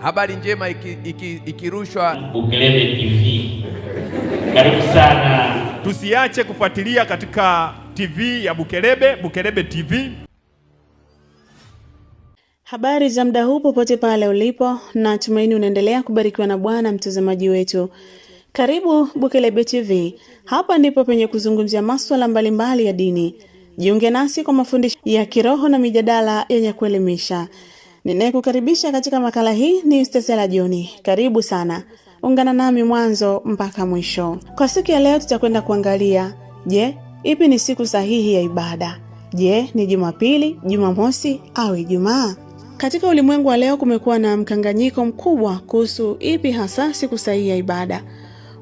Habari njema ikirushwa iki, iki Bukelebe TV. Karibu sana, tusiache kufuatilia katika TV ya Bukelebe, Bukelebe TV. Habari za muda huu popote pale ulipo, na tumaini unaendelea kubarikiwa na Bwana mtazamaji wetu. Karibu Bukelebe TV, hapa ndipo penye kuzungumzia masuala mbalimbali ya dini. Jiunge nasi kwa mafundisho ya kiroho na mijadala yenye kuelimisha. Ninayekukaribisha katika makala hii ni Stesela Joni. Karibu sana, ungana nami mwanzo mpaka mwisho. Kwa siku ya leo tutakwenda kuangalia, je, ipi ni siku sahihi ya ibada? Je, ni Jumapili, Jumamosi au Ijumaa? Katika ulimwengu wa leo kumekuwa na mkanganyiko mkubwa kuhusu ipi hasa siku sahihi ya ibada.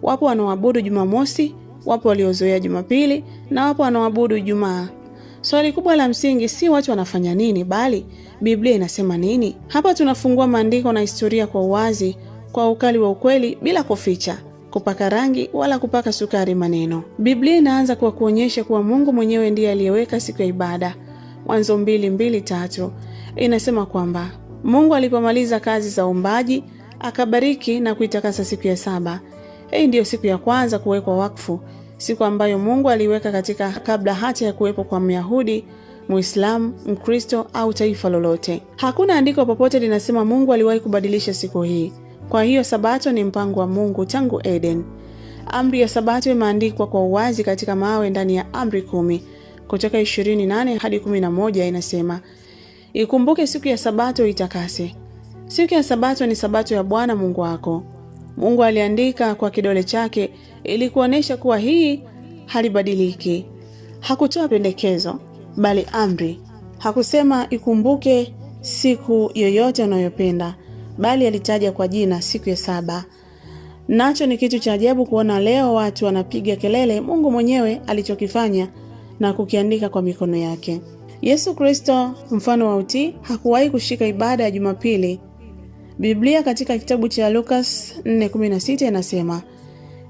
Wapo wanaoabudu Jumamosi, wapo waliozoea Jumapili na wapo wanaoabudu Ijumaa. Swali kubwa la msingi si watu wanafanya nini, bali Biblia inasema nini. Hapa tunafungua maandiko na historia kwa uwazi, kwa ukali wa ukweli, bila kuficha, kupaka rangi wala kupaka sukari maneno. Biblia inaanza kwa kuonyesha kuwa Mungu mwenyewe ndiye aliyeweka siku ya ibada. Mwanzo mbili mbili tatu inasema kwamba Mungu alipomaliza kazi za uumbaji akabariki na kuitakasa siku ya saba. Hii ndiyo siku ya kwanza kuwekwa wakfu siku ambayo Mungu aliweka katika kabla hata ya kuwepo kwa Myahudi, Muislamu, Mkristo au taifa lolote. Hakuna andiko popote linasema Mungu aliwahi kubadilisha siku hii. Kwa hiyo Sabato ni mpango wa Mungu tangu Eden. Amri ya Sabato imeandikwa kwa uwazi katika mawe ndani ya Amri kumi kutoka 28 hadi 11 inasema, ikumbuke siku ya Sabato itakase Siku ya Sabato ni Sabato ya Bwana Mungu wako. Mungu aliandika kwa kidole chake ili kuonyesha kuwa hii halibadiliki. Hakutoa pendekezo, bali amri. Hakusema ikumbuke siku yoyote unayopenda, bali alitaja kwa jina siku ya saba. Nacho ni kitu cha ajabu kuona leo watu wanapiga kelele Mungu mwenyewe alichokifanya na kukiandika kwa mikono yake. Yesu Kristo, mfano wa utii, hakuwahi kushika ibada ya Jumapili Biblia katika kitabu cha Lukas 4:16 inasema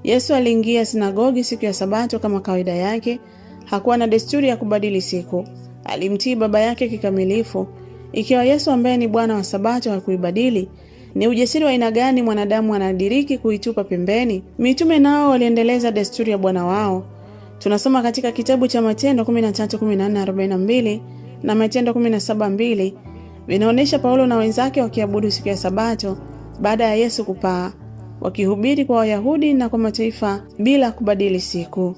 Yesu aliingia sinagogi siku ya Sabato kama kawaida yake. Hakuwa na desturi ya kubadili siku, alimtii baba yake kikamilifu. Ikiwa Yesu ambaye ni Bwana wa Sabato hakuibadili, ni ujasiri wa aina gani mwanadamu anadiriki kuitupa pembeni? Mitume nao waliendeleza desturi ya Bwana wao. Tunasoma katika kitabu cha Matendo 13:14-42 na Matendo 17:2 Vinaonyesha Paulo na wenzake wakiabudu siku ya Sabato baada ya Yesu kupaa, wakihubiri kwa Wayahudi na kwa mataifa bila kubadili siku.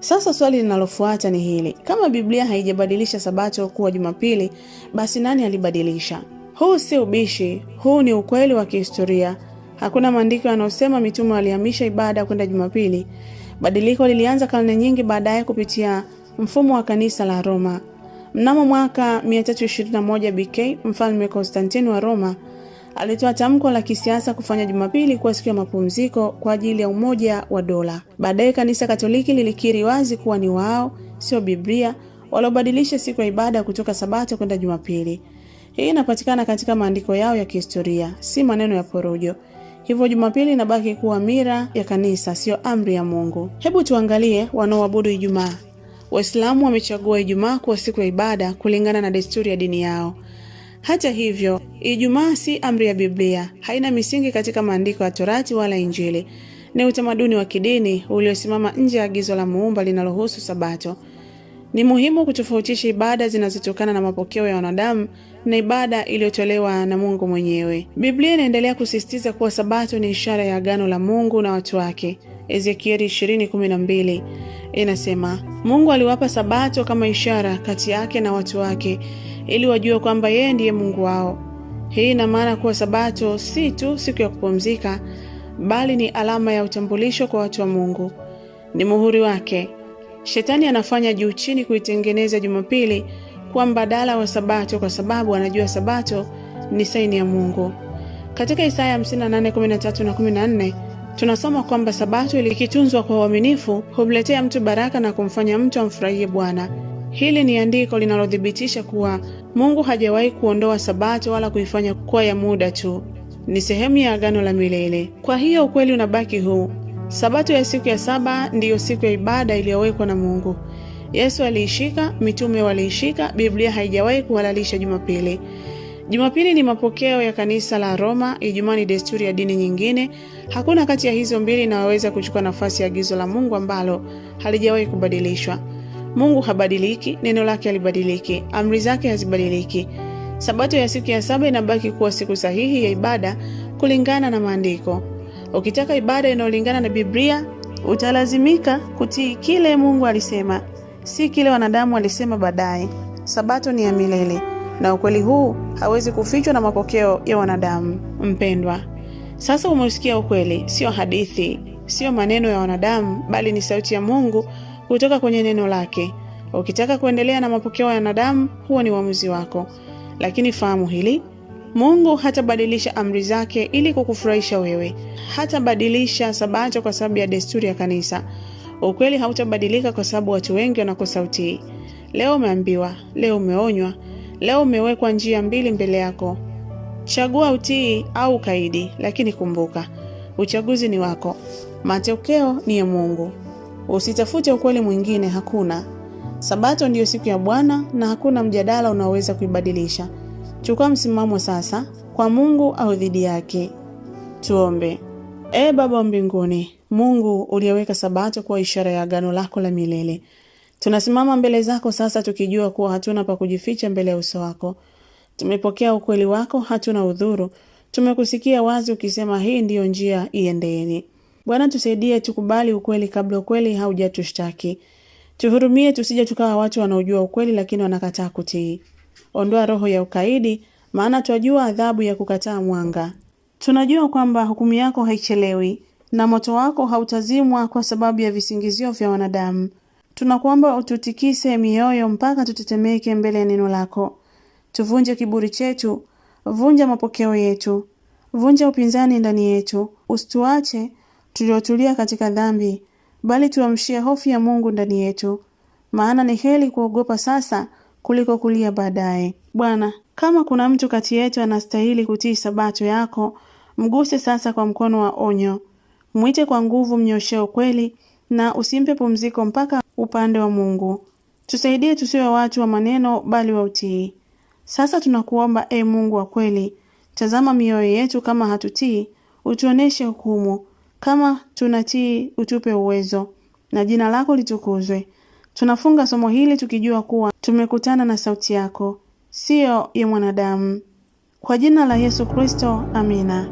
Sasa swali linalofuata ni hili: kama Biblia haijabadilisha Sabato kuwa Jumapili, basi nani alibadilisha? Huu si ubishi, huu ni ukweli wa kihistoria. Hakuna maandiko yanayosema mitume walihamisha ibada kwenda Jumapili. Badiliko lilianza karne nyingi baadaye kupitia mfumo wa kanisa la Roma. Mnamo mwaka 321 BK, Mfalme Konstantini wa Roma alitoa tamko la kisiasa kufanya Jumapili kuwa siku ya mapumziko kwa ajili ya umoja wa dola. Baadaye Kanisa Katoliki lilikiri wazi kuwa ni wao, sio Biblia, waliobadilisha siku ya ibada kutoka Sabato kwenda Jumapili. Hii inapatikana katika maandiko yao ya kihistoria, si maneno ya porojo. Hivyo Jumapili inabaki kuwa mira ya kanisa, siyo amri ya Mungu. Hebu tuangalie wanaoabudu Ijumaa. Waislamu wamechagua Ijumaa kuwa siku ya ibada kulingana na desturi ya dini yao. Hata hivyo, Ijumaa si amri ya Biblia, haina misingi katika maandiko ya Torati wala Injili. Ni utamaduni wa kidini uliosimama nje ya agizo la Muumba linalohusu Sabato. Ni muhimu kutofautisha ibada zinazotokana na mapokeo ya wanadamu na ibada iliyotolewa na Mungu mwenyewe. Biblia inaendelea kusisitiza kuwa Sabato ni ishara ya agano la Mungu na watu wake. Ezekieli 20:12 inasema, Mungu aliwapa sabato kama ishara kati yake na watu wake ili wajue kwamba yeye ndiye Mungu wao. Hii ina maana kuwa sabato si tu siku ya kupumzika, bali ni alama ya utambulisho kwa watu wa Mungu, ni muhuri wake. Shetani anafanya juu chini kuitengeneza Jumapili kuwa mbadala wa sabato, kwa sababu anajua sabato ni saini ya Mungu. Katika Isaya 58:13 na 14 tunasoma kwamba Sabato ilikitunzwa kwa uaminifu humletea mtu baraka na kumfanya mtu amfurahie Bwana. Hili ni andiko linalothibitisha kuwa Mungu hajawahi kuondoa Sabato wala kuifanya kuwa ya muda tu, ni sehemu ya agano la milele. Kwa hiyo ukweli unabaki huu: Sabato ya siku ya saba ndiyo siku ya ibada iliyowekwa na Mungu. Yesu aliishika, mitume waliishika, Biblia haijawahi kuhalalisha Jumapili. Jumapili ni mapokeo ya kanisa la Roma, Ijumaa ni desturi ya dini nyingine. Hakuna kati ya hizo mbili inayoweza kuchukua nafasi ya agizo la Mungu ambalo halijawahi kubadilishwa. Mungu habadiliki, neno lake halibadiliki, amri zake hazibadiliki. Sabato ya siku ya saba inabaki kuwa siku sahihi ya ibada kulingana na Maandiko. Ukitaka ibada inayolingana na Biblia, utalazimika kutii kile Mungu alisema, si kile wanadamu walisema baadaye. Sabato ni ya milele, na ukweli huu hawezi kufichwa na mapokeo ya wanadamu. Mpendwa, sasa umeusikia ukweli, sio hadithi, sio maneno ya wanadamu, bali ni sauti ya Mungu kutoka kwenye neno lake. Ukitaka kuendelea na mapokeo ya wanadamu, huo ni uamuzi wako, lakini fahamu hili, Mungu hatabadilisha amri zake ili kukufurahisha wewe. Hatabadilisha Sabato kwa sababu ya desturi ya kanisa. Ukweli hautabadilika kwa sababu watu wengi wanakosa utii. Leo umeambiwa, leo umeonywa, Leo umewekwa njia mbili mbele yako, chagua utii au ukaidi, lakini kumbuka uchaguzi ni wako, matokeo ni ya Mungu. Usitafute ukweli mwingine, hakuna. Sabato ndiyo siku ya Bwana na hakuna mjadala unaoweza kuibadilisha. Chukua msimamo sasa, kwa Mungu au dhidi yake. Tuombe. Ee Baba wa mbinguni, Mungu uliyeweka Sabato kuwa ishara ya agano lako la milele Tunasimama mbele zako sasa tukijua kuwa hatuna pa kujificha mbele ya uso wako. Tumepokea ukweli wako, hatuna udhuru. Tumekusikia wazi ukisema hii ndiyo njia, iendeeni. Bwana, tusaidie tukubali ukweli kabla ukweli haujatushtaki. Tuhurumie tusije tukawa watu wanaojua ukweli lakini wanakataa kutii. Ondoa roho ya ukaidi, maana twajua adhabu ya kukataa mwanga. Tunajua kwamba hukumu yako haichelewi na moto wako hautazimwa kwa sababu ya visingizio vya wanadamu. Tunakuomba ututikise mioyo mpaka tutetemeke mbele ya neno lako. Tuvunje kiburi chetu, vunja mapokeo yetu, vunja upinzani ndani yetu. Usituache tuliotulia katika dhambi, bali tuamshie hofu ya Mungu ndani yetu, maana ni heri kuogopa sasa kuliko kulia baadaye. Bwana, kama kuna mtu kati yetu anastahili kutii sabato yako, mguse sasa kwa mkono wa onyo, mwite kwa nguvu, mnyoshee ukweli na usimpe pumziko mpaka upande wa Mungu. Tusaidie tusiwe watu wa maneno, bali wa utii. Sasa tunakuomba e Mungu wa kweli, tazama mioyo yetu. Kama hatutii, utuoneshe hukumu; kama tunatii, utupe uwezo, na jina lako litukuzwe. Tunafunga somo hili tukijua kuwa tumekutana na sauti yako, siyo ya mwanadamu. Kwa jina la Yesu Kristo, amina.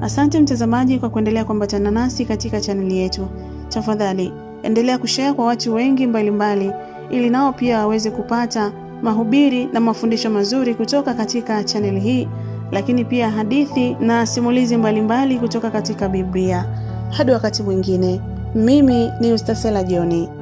Asante mtazamaji kwa kuendelea kuambatana nasi katika chaneli yetu. Tafadhali endelea kushare kwa watu wengi mbalimbali mbali, ili nao pia waweze kupata mahubiri na mafundisho mazuri kutoka katika chaneli hii, lakini pia hadithi na simulizi mbalimbali mbali kutoka katika Biblia. Hadi wakati mwingine, mimi ni Ustasela Joni.